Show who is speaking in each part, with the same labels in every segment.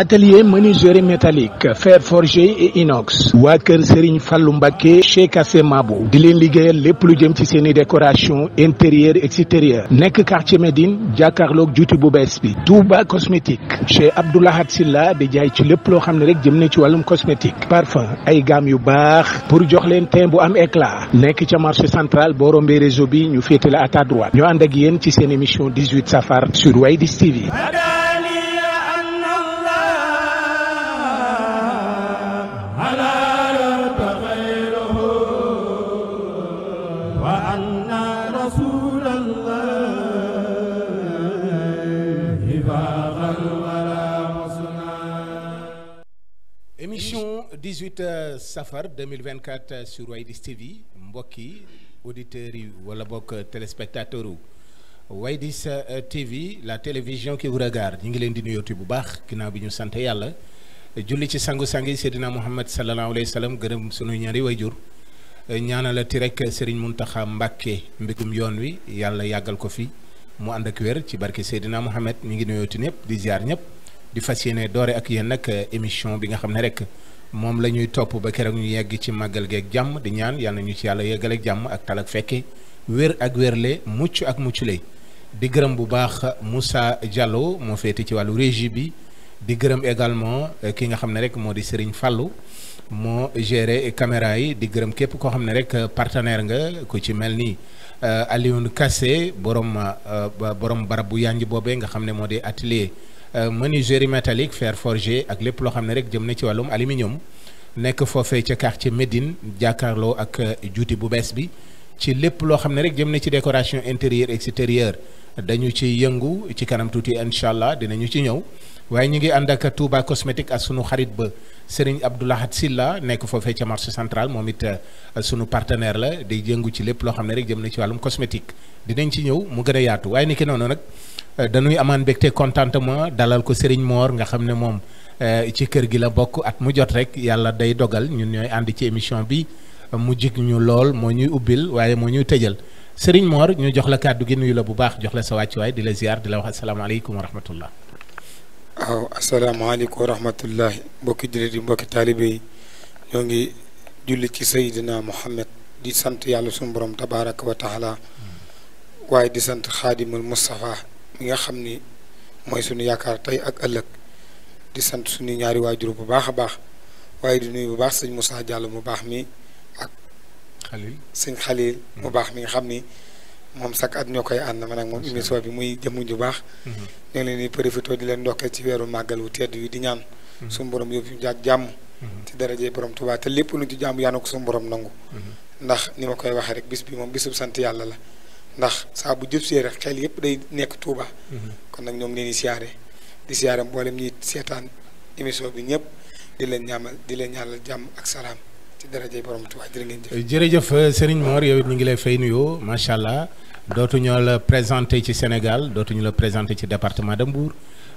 Speaker 1: atelier menuiserie métallique fer forgé et inox waa kër Serigne Fallou Mbacké chez Kassé Mabou di len liggéeyal lepp lu jëm ci seen décoration intérieure extérieure nek quartier Medine, jàkkaarloog juuti bu bi Touba cosmétique chez Abdoulahat Silla di jaay ci lepp lo xam rek jëm na ci walum cosmétique parfum ay gamme yu bax pour jox len teint bu am éclat nek ci marché central Borombe rombee réseau bi ñu féetale à ta droite ñu and ak yeen ci seen émission 18 safar sur Widish TV 18 euh, safar 2024 euh, sur Widish TV mbokki auditeurs yi wala bokk euh, téléspectateurs yu Widish TV la télévision qui vous regarde ñu ngi leen di nuyooti bu baax ginnaaw bi ñu sant yàlla julli ci sangu-sang yi Seydina Muhammad sallallahu alayhi wa sallam gërëm sunu ñaari wayjur ñaanalati rek Serigne Mountakha Mbacké mbégum yoon wi yàlla yàggal ko fi mu ànd ak wér ci barke Seydina Muhammad mi ngi nuyooti ñëpp di ziar ñëpp di fas doore ak yéen nag émission bi nga xam ne rek. moom la ñuy topp ba keroog ñu yegg ci màggal geeg jàmm di ñaan yal na ñu ci yàlla yeggale ak jàmm ak tal ak fekke wér ak wérle mucc ak mucc lay di gërëm bu baax Moussa Diallo moo féete ci wàllu régie bi di gërëm également eh, ki nga xam ne rek moo di Serigne fàllu moo géré caméra yi di gërëm képp koo xam ne rek partenaire nga ko ci mel ni eh, Alioune Kassé borom eh, borom barab bu yànj boobee nga xam ne moo di atelier. Euh, menuiserie métallique fair forgé ak lépp loo xam ne rek jëm na ci wàllum aluminium nekk foofee ca ci Médine jàkkaarloo ak euh, juuti bu bees bi ci lépp loo xam ne rek jëm na ci décoration intérieure extérieure dañu ci yëngu ci kanam tuuti incha allah dinañu ci ñëw waaye ñu ngi ànd ak Touba cosmétique ak sunu xarit ba Serigne Abdou Lahad Silla nekk foofee ca marché central moom it euh, sunu partenaire la di yëngu ci lépp loo xam ne rek jëm na ci wàllum cosmétique dinañ ci ñëw mu gën a nag Euh, dañuy amaan mbégte contentement dalal ko Serigne moor nga xam ne moom euh, ci kër gi la bokk ak mu jot rek yàlla day dogal ñun ñooy ànd ci émission bi mu jig ñu lool moo ñuy ubbil waaye moo ñuy tëjal sëriñ moor ñu jox la kàddu gi nuyu la bu baax jox la sa waaye di la ziar di la wax asalaamaaleykum wa rahmatullah.
Speaker 2: waaw asalaamaaleykum wa rahmatullah mbokki jullit yi mbokki taalibe yi ñoo ngi julli ci di sant yàlla suñu borom tabaaraka hmm. waaye di sant xaadimul Mustafa bi nga xamni moy suñu sunu tay ak ëlëk di sant suñu ñaari wajuru bu baaxa baax waye di nuyu bu baax señ Moussa Diallo mu baax mi ak. Khalil señ Khalil mu mm-hmm. baax mi nga xamni mom sak sakk at ñoo koy man ak moom émission bi muy jëmm ju baax. Mm-hmm. ñu leen di profito di leen ndokkee ci weeru magal wu tedd wi di ñaan. Mm-hmm. suñu borom yu ñu jàkk jàmm. ci daraaje borom tuba te lepp lu ci jamm yaa na ko suñu borom nangu. ndax ni ma koy wax rek bis bi mom bisub sant yalla la. ndax saa bu jub see rek xel yëpp day nekk Touba. kon nag ñoom ngeen di siyaare di siyaare mboolem ñi seetaan émission bi ñëpp di leen ñaamal di leen ñaanal jàmm ak salaam ci daraja borom Touba jërë ngeen jëf.
Speaker 1: jërëjëf Serigne Mor yow it ñu ngi lay fay nuyoo macha allah dootuñu la présenté ci Sénégal dootuñu la présenté ci département de Mbour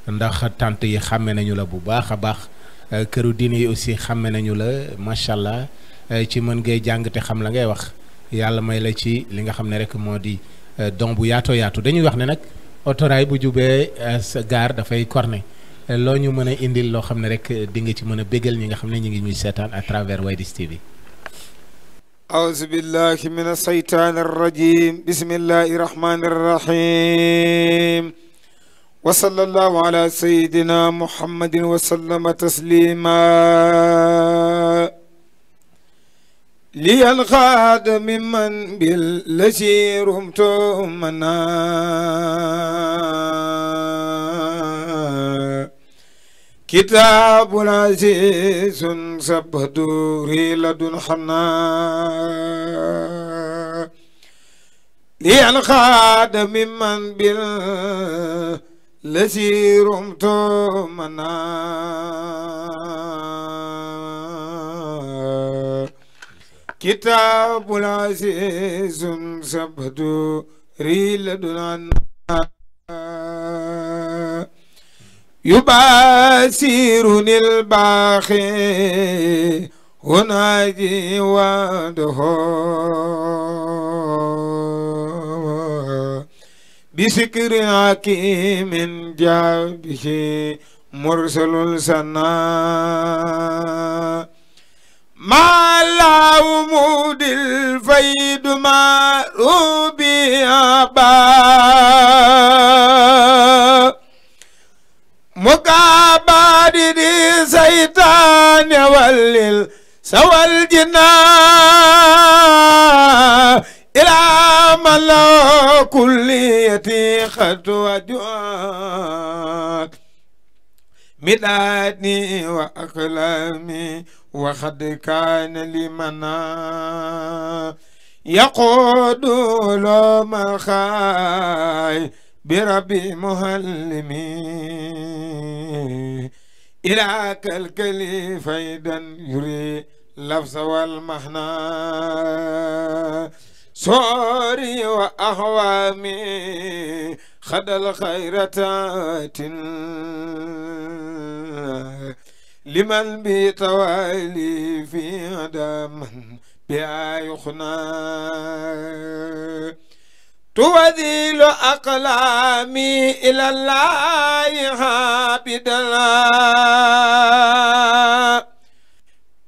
Speaker 1: ndax tant yi xàmme nañu la bu baax a baax këru diine yi aussi xàmme nañu la macha allah ci mën ngay jàng te xam la ngay wax. yàlla may la ci li nga xam ne rek moo di euh, don bu yaatoo yaatu dañuy wax ne nag autorail bu jubee euh, sa gaar dafay corné euh, loo ñu mën a indil loo xam ne rek di nga ci mën a bégal ñi nga xam ne ñu ngi ñuy seetaan à a Widish TV
Speaker 2: أعوذ a من a الرجيم a الله الرحمن الرحيم a الله على سيدنا محمد وسلم تسليما لي الغاد ممن بالذي رمت منا كتاب عزيز سبدوري لدن حنا لي الغاد ممن بالذي رمت منا كتاب العزيز سبد ريل دنان يباسرني الباخي ونادي وده بسكر حكيم جابه مرسل السنان ما ومود الفيد ما روبي أبا مقابل سيطان والليل سوى الجنة إلى ملا كليتي خطوة ميلادي وأقلامي وقد كان لمنا يقود لوم خاي بربي مهلمي إلى كالكلي فيدا يري لفظ والمحنى سوري وأهوامي خد الخيرتات لمن بتوالي في دم بها يخنى توذيل أقلامي إلى الله بدلا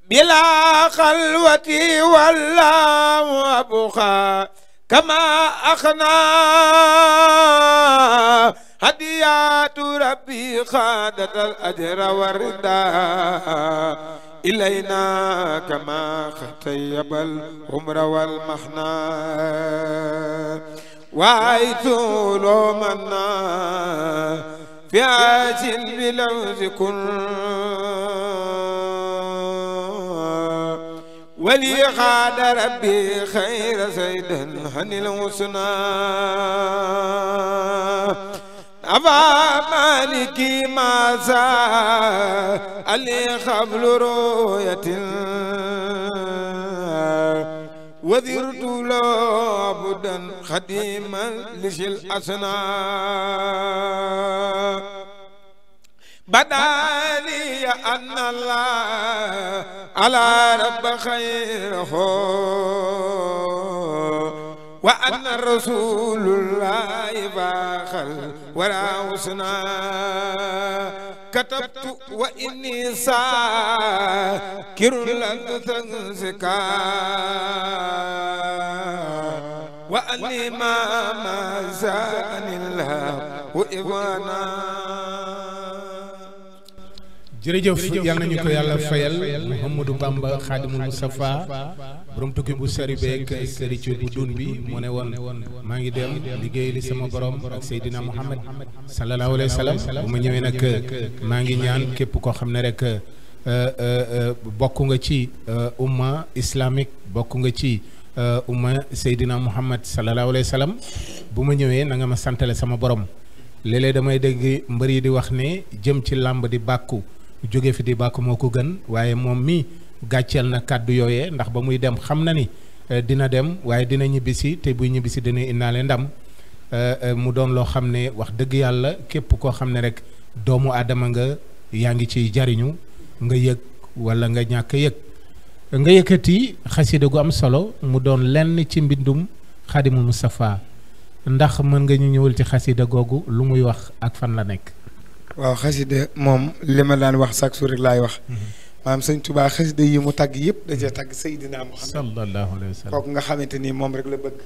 Speaker 2: بلا خلوتي والله أبخا كما أخنا هديات ربي خادت الأجر وردا إلينا كما خطيب العمر والمحنى وعيث لو منا في عاجل بلوز كن ولي خاد ربي خير سيدا هني الحسنى أبا مالكي ما زال علي خبل رؤية وذرت له عبدا خديما لشي الأسنان بدا لي أن الله على رب خيره وأن الرسول الله باخل ولا وسنا كتبت وإني ساكر لن تنزكا وأني ما ما زاني الهب وإبانا jërëjëf yal nañu ko yàlla fayal
Speaker 1: Mouhamadou Bamba Xaadimul Mustafa borom tukki bu sari beeg sëricu bu dun bi mu ne woon maa ngi dem liggéey li sama borom ak Seydina Muhammad sallallahu alayhi wa sallam bu ma ñëwee nag maa ngi ñaan képp koo xam ne rek euh, euh, euh, bokk nga ci umma islamique bokk nga ci umma Seydina Muhammad sallallahu alayhi wa sallam bu ma ñëwee na nga ma santale sama borom léeg-léeg damay dégg mbër yi di wax ne jëm ci làmb di bàkku jóge fi di bàkk moo ko gën waaye moom mii gàcceel na kàddu yooye ndax ba muy dem xam na ni euh, dina dem waaye dina ñibbisi te buy ñibbisi dina indaale ndam euh, euh, mu doon loo xam ne wax dëgg yàlla képp koo xam ne rek doomu aadama nga yaa ngi ciy jariñu nga yëg wala nga ñàkk yëg nga yëkkati xasida gu am solo mu doon lenn ci mbindum xaadimul Moustapha ndax mën nga ñëwal ci xasida googu lu muy wax ak fan la nekk
Speaker 2: waaw xasida moom li ma daan wax chaque jour rek laay wax. maanaam sëñ Tuubaa xasida yi mu tagg yëpp da cee
Speaker 1: tagg Seydina Muhammad. sallallahu alayhi wa sallam kooku
Speaker 2: nga xamante ni moom rek la bëgg.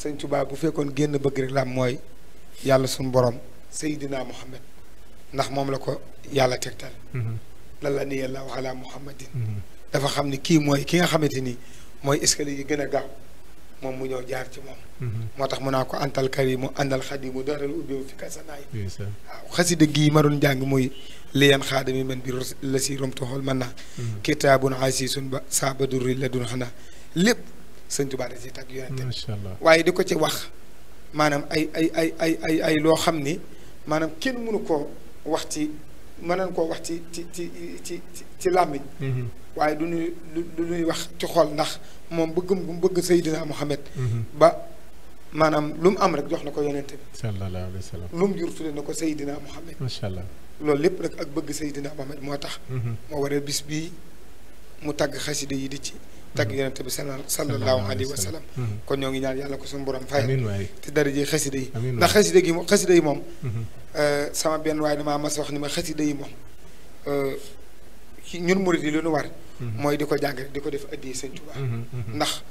Speaker 2: sëñ Tuubaa bu fekkoon génn bëgg rek la am mooy yàlla suñu borom Seydina Muhammad ndax moom la ko yàlla tegtal. lan la nii yàlla wax ala Muhammadin. dafa xam ni kii mooy ki nga xamante ni mooy escalier yi gën a gaaw. moom mu ñëw jaar ci moom. Mhm. moo tax mu naa ko antal karimu àndal xadimu daral ubbiwu fi kasanaay.
Speaker 1: waaw
Speaker 2: xasida gii ma doon jàng muy liyan xaadami man bi la si romtu xool mën naa. Mhm. kitaabun asisun ba saaba durri la dun xanaa lépp sëñ Tuubaa da si tag yonente. macha allah waaye di ko ci wax maanaam ay ay ay ay ay ay loo xam ni maanaam kenn mënu koo wax ci mënoon koo wax ci ci ci ci ci làmmiñ. Mhm. waaye du ñuy du ñuy wax ci xol ndax moom bëggum bu mu bëgg Seydina Muhammad ba maanaam lu mu am rek jox na ko yonente bi
Speaker 1: sallallahu alayhi wa sallam
Speaker 2: lu mu jur tudde na ko Seydina Muhammad macha allah loolu lépp rek ak bëgg Seydina Muhammad moo tax moo waral bis bii mu tàgg xasida yi di ci tàgg yonente bi sallallahu alayhi wa sallam kon ñoo ngi ñaan yàlla ko suñu borom fay te dara ji xasida yi ndax xasida gi moom xasida yi moom sama benn waaye damaa mas wax ni ma xasida yi moom ñun murid yi lu ñu war mooy di ko jàngale di ko def addiyee sëñ Tuubaa ndax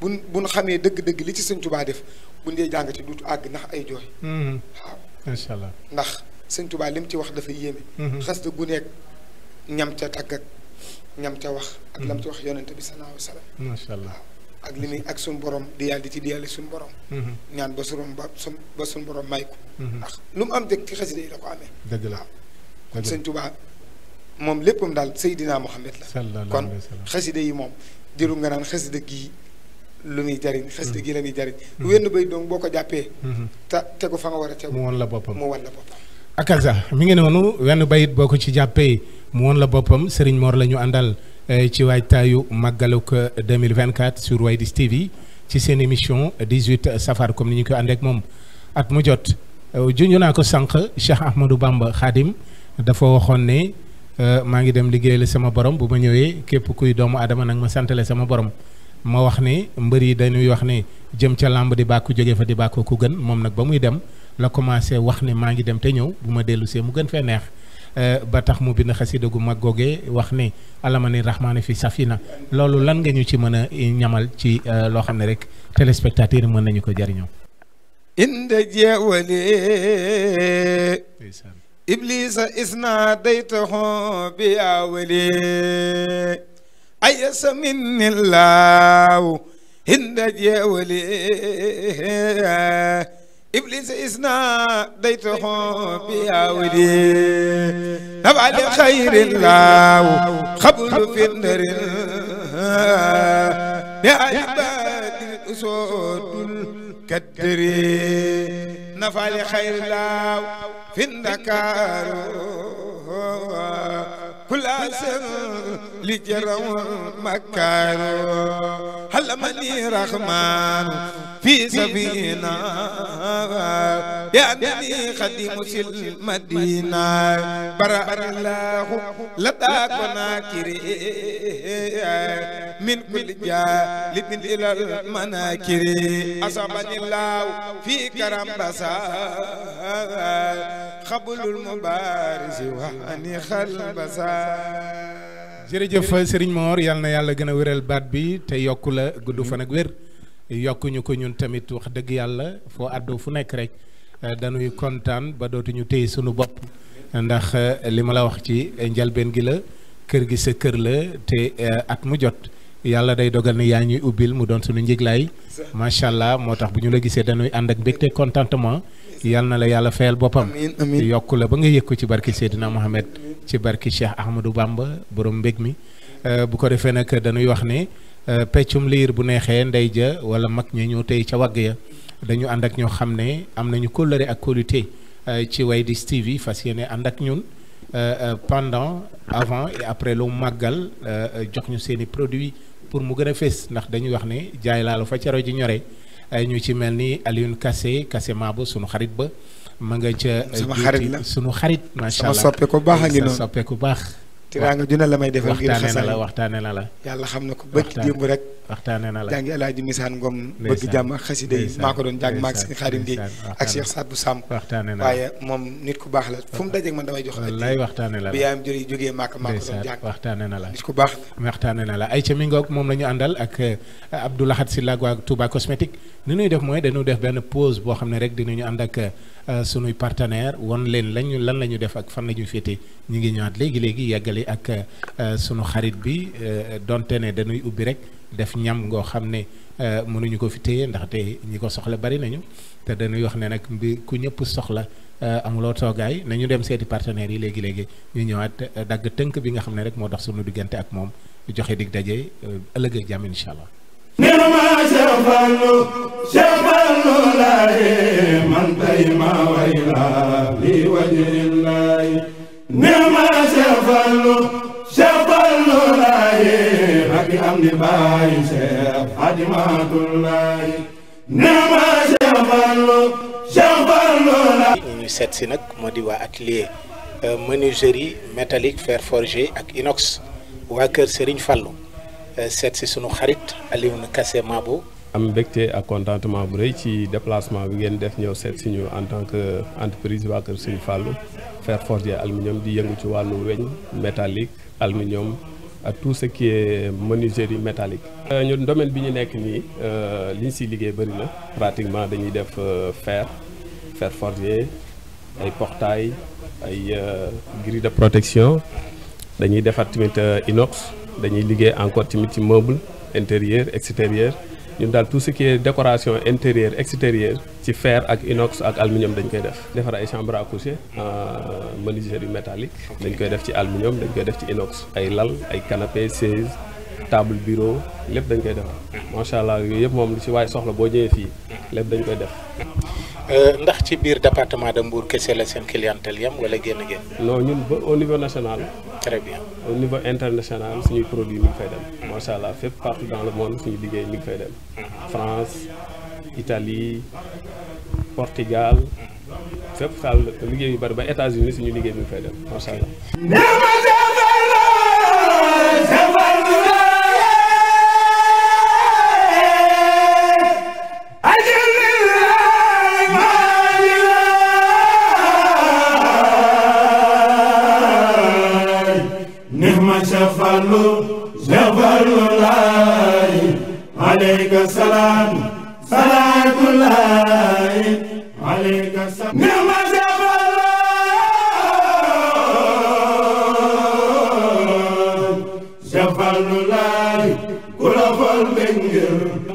Speaker 2: buñ buñ xamee dëgg-dëgg li ci sëñ Tuubaa def buñ dee jàng ci duutu àgg ndax ay jooy waaw incha allah ndax sëñ Tuubaa li mu ci wax dafa yéeme xas da gu nekk ñam ca tàgg ak ñam ca wax ak lam ca wax yonente bi sallallahu alayhi wasallam macha allah ak li muy ak suñu borom di yàlla di ci di yàlla suñu borom. ñaan ba suñu ba suñu ba suñu borom may ko. ndax lu mu am dëkk ci xasida yi la ko amee. dëgg la kon sëñ Tuubaa moom léppam daal Seydina Muhammad la kon xasida yi moom diru nga naan xasida gii lu muy jariñ xasida gii mm-hmm. la muy jariñ mm-hmm. wenn bay doon boo ko jàppee mm-hmm. te tegu fa nga war a tegu mu wan la
Speaker 1: boppam mu wan la boppam Akaza mi ngi noonu wenn bayit boo ko ci jàppee mu woon la boppam Serigne Mor la ñu àndal eh, ci waajtaayu màggaluk 2024 eh, sur Widish TV ci seen émission 18 safar comme ni ñu ko àndeek moom at mu jot eh, junj naa ko sànq Cheikh Ahmadou Bamba Khadim dafa waxoon ne Eh, ma ngi dem le sama borom bu ma ñëwé képp kuy doomu adama nak ma santalé sama borom ma wax ni mbeur yi dañuy wax ni jëm ci lamb di bakku jóge fa di bakku ku gën mom nak ba muy dem la commencé wax ni ma ngi dem té ñëw bu ma dellu sé mu gën fee neex eh, ba tax mu bind xasida gu mag wax ni alamani rahmani fi safina loolu lan nga ñu ci mëna eh, ñamal ci lo xamné rek téléspectateur mëna ñu ko
Speaker 2: inda إبليس إذ ناديته بيا ولي أيس مني الله هند يا ولي إبليس إذ ناديته بيا ولي نبع لخير الله خبر في النار يا عباد سود كالدري نفعل خير الله في النكار كل أسر لجرم مكار هل مني رحمن في سبيلنا يا نبي خديم المدينة برا الله لتاكنا كري من كل جاء لبن إلى المناكر أصابني الله في كرم بسار خبل المبارز وحني خل بسار
Speaker 1: جرجف سرين مور يالنا يالا غنا ويرل بات بي تيوكولا غدو فنك وير yokkuñu ko ñun tamit wax dëgg yàlla foo àddoo fu nekk rek euh, dañuy kontaan ba dootuñu téye sunu bopp ndax euh, li ma la wax ci njalbeen gi la kër gi sa kër la te euh, at mu jot yàlla day dogal ni yaa ñuy ubbil mu doon suñu njiglaay macha allah moo tax bu ñu la gisee dañuy ànd ak mbégte kontantement yal na la yàlla fayal boppam yokku la ba nga yëg ko ci barki Seydina Mohamed ci barki Cheikh Ahmadou Bamba borom mbég mi bu ko defee nag dañuy wax ne Euh, peccum liir bu neexee ndey ja wala mag ñoo ñëw tey ca wagg ya dañu ànd ak ñoo xam ne am nañu kóllëre ak kóolute euh, ci Widish TV fas yéene ànd ak ñun euh, pendant avant et après lu màggal jox ñu seen i produits pour mu gën a fés ndax dañuy wax ne jaay laalu fa caro ji ñore ñu ci mel ni Alioune Kassé Kassé Mabo sunu xarit ba ma nga ca. sama xarit la sunu xarit. macha allah sama baax a ngi noonu soppeeku baax.
Speaker 2: tiraanga na la may defal ngir xasaay waxtaane na la
Speaker 1: yàlla xam na ko bëgg démb rek waxtaane na la jàngi alaaji misaan
Speaker 2: ngom bëgg jàmm ak xasida maa ko doon jàng maag si xaarim gi ak Cheikh
Speaker 1: Sadou Samb waaye
Speaker 2: moom nit ku baax la fu mu dajeeg man damay jox lay waxtaane la bi yaayam jëri jógee maaka maa ko doon jàng
Speaker 1: waxtaane na la nit ku baax waxtaane na la ay ca mi ngoog moom la ñu àndal ak eh, Abdou si Sylla ak waa Touba Cosmétique ni nuy def mooy dañu def benn pose boo xam ne rek dinañu ànd ak eh, Euh, sunuy partenaire won leen lañu lan la ñu def ak fan la ñu féete ñu ngi ñëwaat léegi léegi yeggale ak euh, sunu xarit bi euh, donte ne dañuy ubbi rek def ñam ngoo xam ne mënuñu ko fi téye ndaxte ñi ko soxla bari nañu te dañuy wax ne nag bi ku ñëpp soxla amuloo toogaay nañu dem seeti partenaires yi léegi léegi ñu ñëwaat dagg tënk bi nga xam ne rek moo dox sunu diggante ak moom joxe dig daje ëllëg ak jàmm incha allah.
Speaker 3: nee na maa
Speaker 2: Cheikh Fallou Cheikh Fallou ma way li wajhillaahi nee na maa Cheikh Fallou Cheikh Fallou laaye am di baay Cheikh Fadimatulaay nee na maa Cheikh Fallou
Speaker 1: ñu seet si nag moo di waa atelier euh, menuiserie métallique fer forgé ak inox waa kër sëriñ Fallou Euh, seet si sunu xarit Alioune Kassé Mabo
Speaker 4: am mbégte ak contentement bu rëy ci déplacement bi ngeen def ñëw seet si en tant que entreprise waa Kër Serigne Fallou fer forgé aluminium di yëngu ci wàllu métallique aluminium à tout ce qui est menuiserie métallique. Euh, ñun domaine bi ñu nekk nii euh, li ñu siy liggéey bëri na pratiquement dañuy def fer fer forgé ay ay grille de protection dañuy defar tamit inox. dañuy liggéey encore tamit ci meuble intérieur extérieur ñun daal tout ce qui est décoration intérieure extérieure ci fer ak inox ak aluminium dañ koy def defar ay chambre à coucher euh, menuiserie métallique dañ koy def ci aluminium dañ koy def ci inox ay lal ay canapé chaise table bureau lépp dañ koy defar mm. macha allah yooyu yëpp moom lu ci waaye soxla boo ñëwee fii mm. lépp dañ koy def mm.
Speaker 1: euh, ndax ci biir département de Mbour kese la seen clientèle yam wala génn génn
Speaker 4: non au niveau national très bien au niveau international suñuy produit mi ngi fay dem macha allah fépp partout dans le monde suñu liggéey mi ngi fay dem mm-hmm. France Italie Portugal fépp saal liggéey yu bari ba États-Unis suñu liggéey mi ngi fay dem macha
Speaker 2: alayka salaam salaatullahi alayka salaam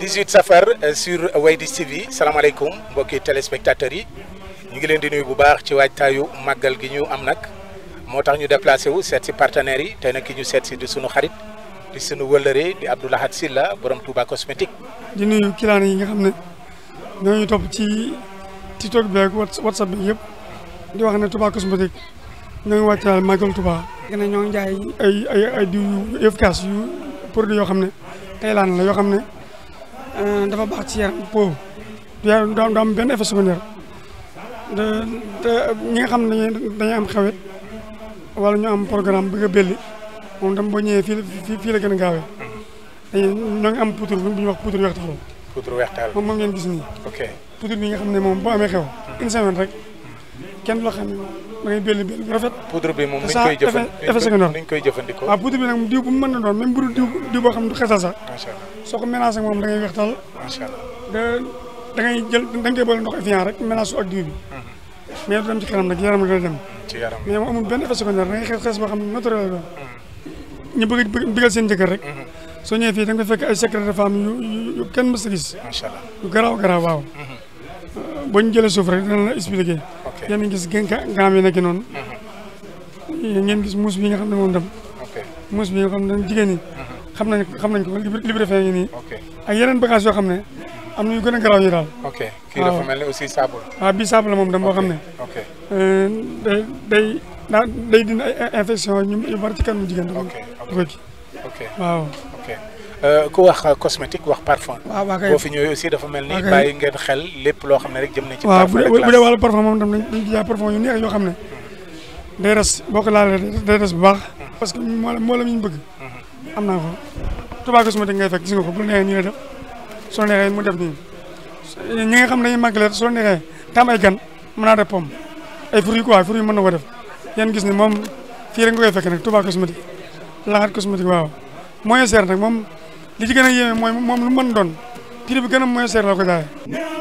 Speaker 1: dix-huit safar euh, sur Widish TV salaamaaleykum mbokki téléspectateurs yi ñu ngi leen di nuyu bu baax ci waajtaayu màggal gi ñu am nag moo tax ñu déplacé wu seet ci partenaires yi te nag ki ñu seet si di sunu xarit di sunu wëlëré di Abdou Lahad Silla borom Touba Cosmetic
Speaker 3: di nuyu kilaan yi nga xamné ne ñoo ñu topp ci TikTok bi ak WhatsApp bi yëpp di wax né Touba Cosmetic ñoo ngi wàccaal Magal Touba. gëna ñoo ngi ay ay ay di efficace yu produit yo xamné tay lan la yo xamné euh dafa baax ci yaram po du am ben effet secondaire ñi nga xamné ne dañuy am xewet wala ñu am programme bëgg belli moom tam boo ñëwee fi fi la gën gaawé gaawee. dañuy ñoo ngi am poudre bu ñuy wax poudre weex taxaw. poudre weex taxaw moom moom ngeen gis ni ok poudre bi nga xamné mom bo amé xew. une semaine rek kenn lo xamné da ngay bël bël bu rafet.
Speaker 1: poudre bi mom nuñ koy jëfandikoo effet secondaire nuñ koy jëfandikoo.
Speaker 3: waaw poudre bi nag diw bu mëna doon même bu dul diw diw boo xam ne du xasal sax. macha allah soo ak moom da ngay wax macha allah da ngay jël da ngay boole ndox Evian rek mélangé su ak diw bi. Mhm. mais du dem ci kanam nak yaram nga dem. ci yaram mais mo amul benn effet secondaire da ngay xees xees boo xam naturel la mhm ñu bëgg bëggal seen jëkkër rek mhm. soo ñëwee fii da nga fekk ay secret de femme yu kenn mës a gis macha allah yu garaaw garaaw waaw mhm. boo ñu jëlee suuf rek dina la expliqué yéen gis gën gaam yi nekk noonu mhm. ngeen gis muus bi nga xam ne moom dem muus bi nga xam ne jigéen ñi xam nañ xam nañ ko libre fee ngi nii ak yeneen bagage yoo xam ne am na yu gën a garaaw yi daal ok kii dafa mel ni aussi
Speaker 1: saabu ah, waaw
Speaker 3: bii saabu la moom dem boo xam ne euh, day day ndax day dindi ay infection yu bari ci kanamu jigéen dama ko ci waaw
Speaker 1: euh, ku wax cosmétique wax parfum. waaw waaw kay boo fi ñëwee aussi dafa mel ni bàyyi ngeen xel lépp loo xam ne rek jëm na ci. parfum de classe
Speaker 3: bu yoo xam ne. Hmm. day res boo ko laalee day res bu baax. Hmm. parce que mboolem mboolem yi ñu bëgg. Hmm. am naa ko tubaab cosmétique ngay fekk nga ko bu neexee nii la def soo neexee mu def nii ñi nga xam ne dañuy màgg leen soo neexee tam ay gan mën naa def pomme ay fruits na ko def. ngeen gis ni moom fii rek nga koy fekk nag Touba cosmétique Lahat cosmétique waaw moyen cher nag moom li ci gën a yéeme mooy moom lu mën doon prix bi gën a moyen la ko jaayee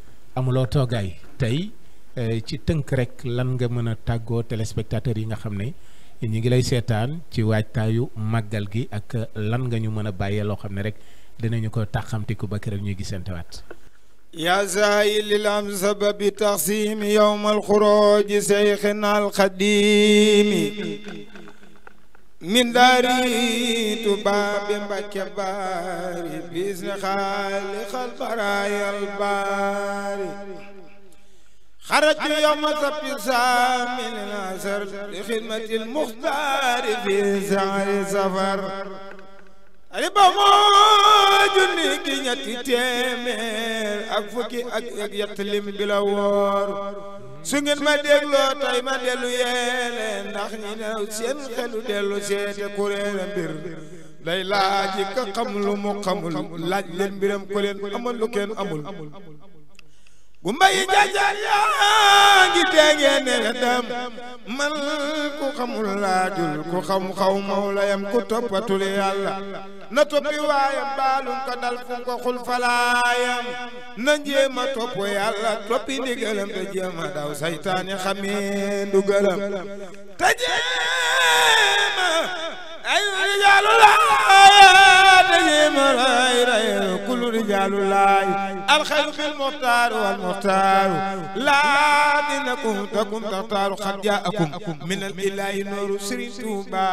Speaker 1: amuloo toogaay tey eh, ci tënk rek lan nga mën a tàggoo téléspectateurs yi nga xam ne ñu ngi lay seetaan ci waajtaayu màggal gi ak lan nga ñu mën a bàyyee loo xam ne rek dinañu ko taxamtiku ba keroog ñuy gisantewaat
Speaker 2: yaa saayil ilam sababi taxsiimi yowmal xuróoji seyxina alxadiimi من داري تباب بك باري بإذن خالق البرايا الباري خرج يوم سبسا من الأسر لخدمة المختار في سعر سفر riba moo junni ki ñetti téeméer ak fukki ak ak yett lim bi la su ngeen ma dégloo tay ma dellu yeele ndax ñi new seen xelu dellu seete kuréera mbir day laaji ka xam lu mu xamul laaj leen mbiram ko leen amal lu kenn amul gumba yi jaajaan yaa ngi teegee ne wetam man ku xamul laajul ku xam xaw mawlayam ku toppatul yàlla na toppi waayam baalum dal fu xul falaayam na jéem a topp yàlla toppi ndigalam te jéem a daw saytaani xamee ndugalam te jéem a رجال الله تجيم راي راي كل رجال الله الخلق المختار والمختار لا دينكم تكم تختار قد جاءكم من الاله نور سرين توبا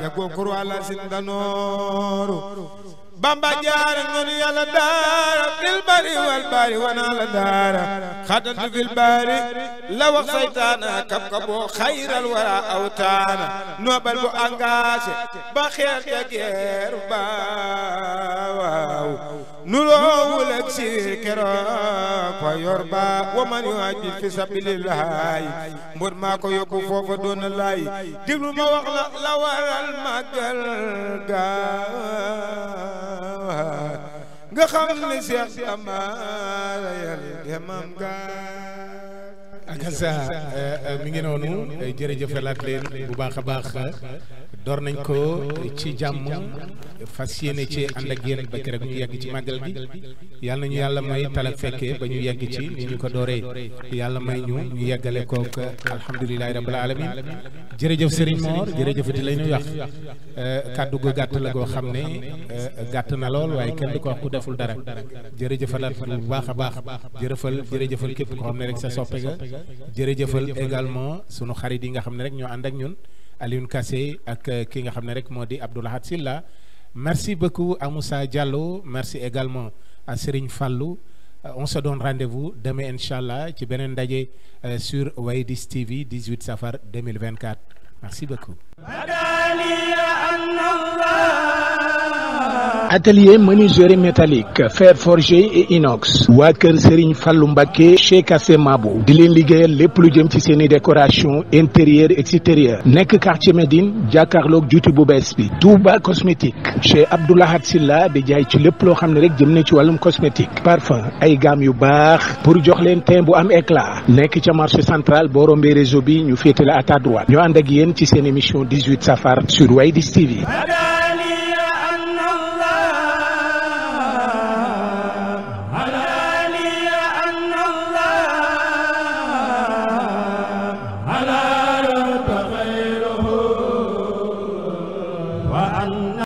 Speaker 2: جاكو كروالا سندنور bamba jaara ngonu yàlla daara fil bari wal bari wanaa la daara xadantu fil bari la wax saytaana kap ka boo xayral wara awtaana noobal bu engagé ba xeex ja geeru baaw nuroowul ak siir keroog fa yor ba wa man yuhajjir fi sabilillahi mbot maa ko yokku foofa doona laay ma wax la la waral màggal ga nga xam ne Seex Bamba yal demam ga akasa eh, eh, mi ngi noonu eh, jërëjëfalaat leen bu baax a baax
Speaker 1: door nañ ko ci jàmm fas yéene ci ànd ak yéen ba keroog ñu yegg ci màggal gi yàlla ñu yàlla may talak fekkee ba ñu yegg ci ni ñu ko dooree yàlla may ñu ñu yeggale kook alhamdulilahi rabbil alamin jërëjëf Serigne Mor jërëjëfati la ñuy wax kàddu gu gàtt la goo xam ne euh, gàtt na lool waaye kenn du ko wax ku deful dara jërëjëfalaat bu baax a baax jërëfal jërëjëfal képp ko xam ne rek sa soppe nga jërëjëfal également sunu xarit yi nga xam ne rek ñoo ànd ak ñun À Kassé ak euh, ki nga xamné rek merci beaucoup à Moussa Diallo merci également à Serigne Fallou euh, on se donne rendez-vous demain Inch'Allah, ci euh, sur Waydis TV 18 safar 2024 merci beaucoup atelier menuiserie métallique fer forgé et inox waa Serigne Fallou chez Kassé Mabou di Liguel, les plus lu jëm décoration intérieure extérieure Nek quartier Médine jàkkaarloog juuti bu bees Touba cosmétique chez Abdullah Silla di tu le plus loo xam rek cosmétique parfum ay gamme pour jox leen am éclat Nek ca marché central Borombe réseau bi la à ta droite ñu ànd ak émission 18 safar sur Widish TV